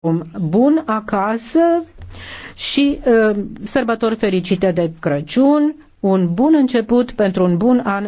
drum bun acasă și uh, sărbători fericite de Crăciun, un bun început pentru un bun an